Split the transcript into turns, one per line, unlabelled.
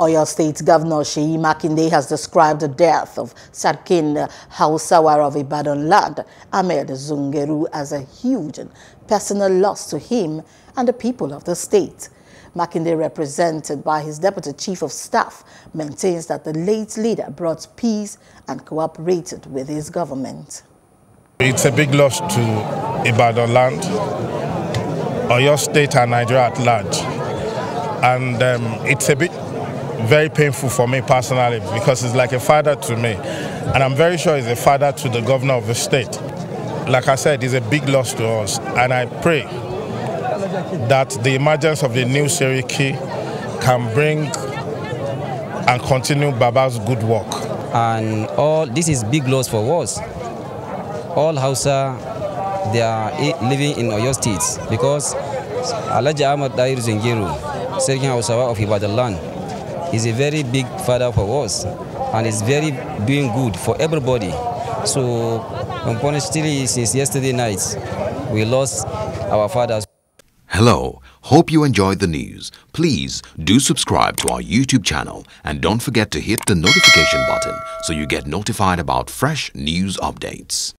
Oyo State Governor Sheyi Makinde has described the death of Sarkin Hausawar of Ibadan Land, Ahmed Zungeru, as a huge and personal loss to him and the people of the state. Makinde, represented by his deputy chief of staff, maintains that the late leader brought peace and cooperated with his government.
It's a big loss to Ibadan land, Oyo State and Nigeria at large. And um, it's a bit very painful for me personally because he's like a father to me. And I'm very sure he's a father to the governor of the state. Like I said, he's a big loss to us. And I pray that the emergence of the new Seriki can bring
and continue Baba's good work. And all this is big loss for us. All Hausa, they are living in Oyo streets because Alaja Ahmad Dair Zengiru, Seriki Hausawa of Ibadan land, is a very big father for us and is very doing good for everybody. So unfortunately, since yesterday night, we lost our fathers.
Hello, hope you enjoyed the news. Please do subscribe to our YouTube channel and don't forget to hit the notification button so you get notified about fresh news updates.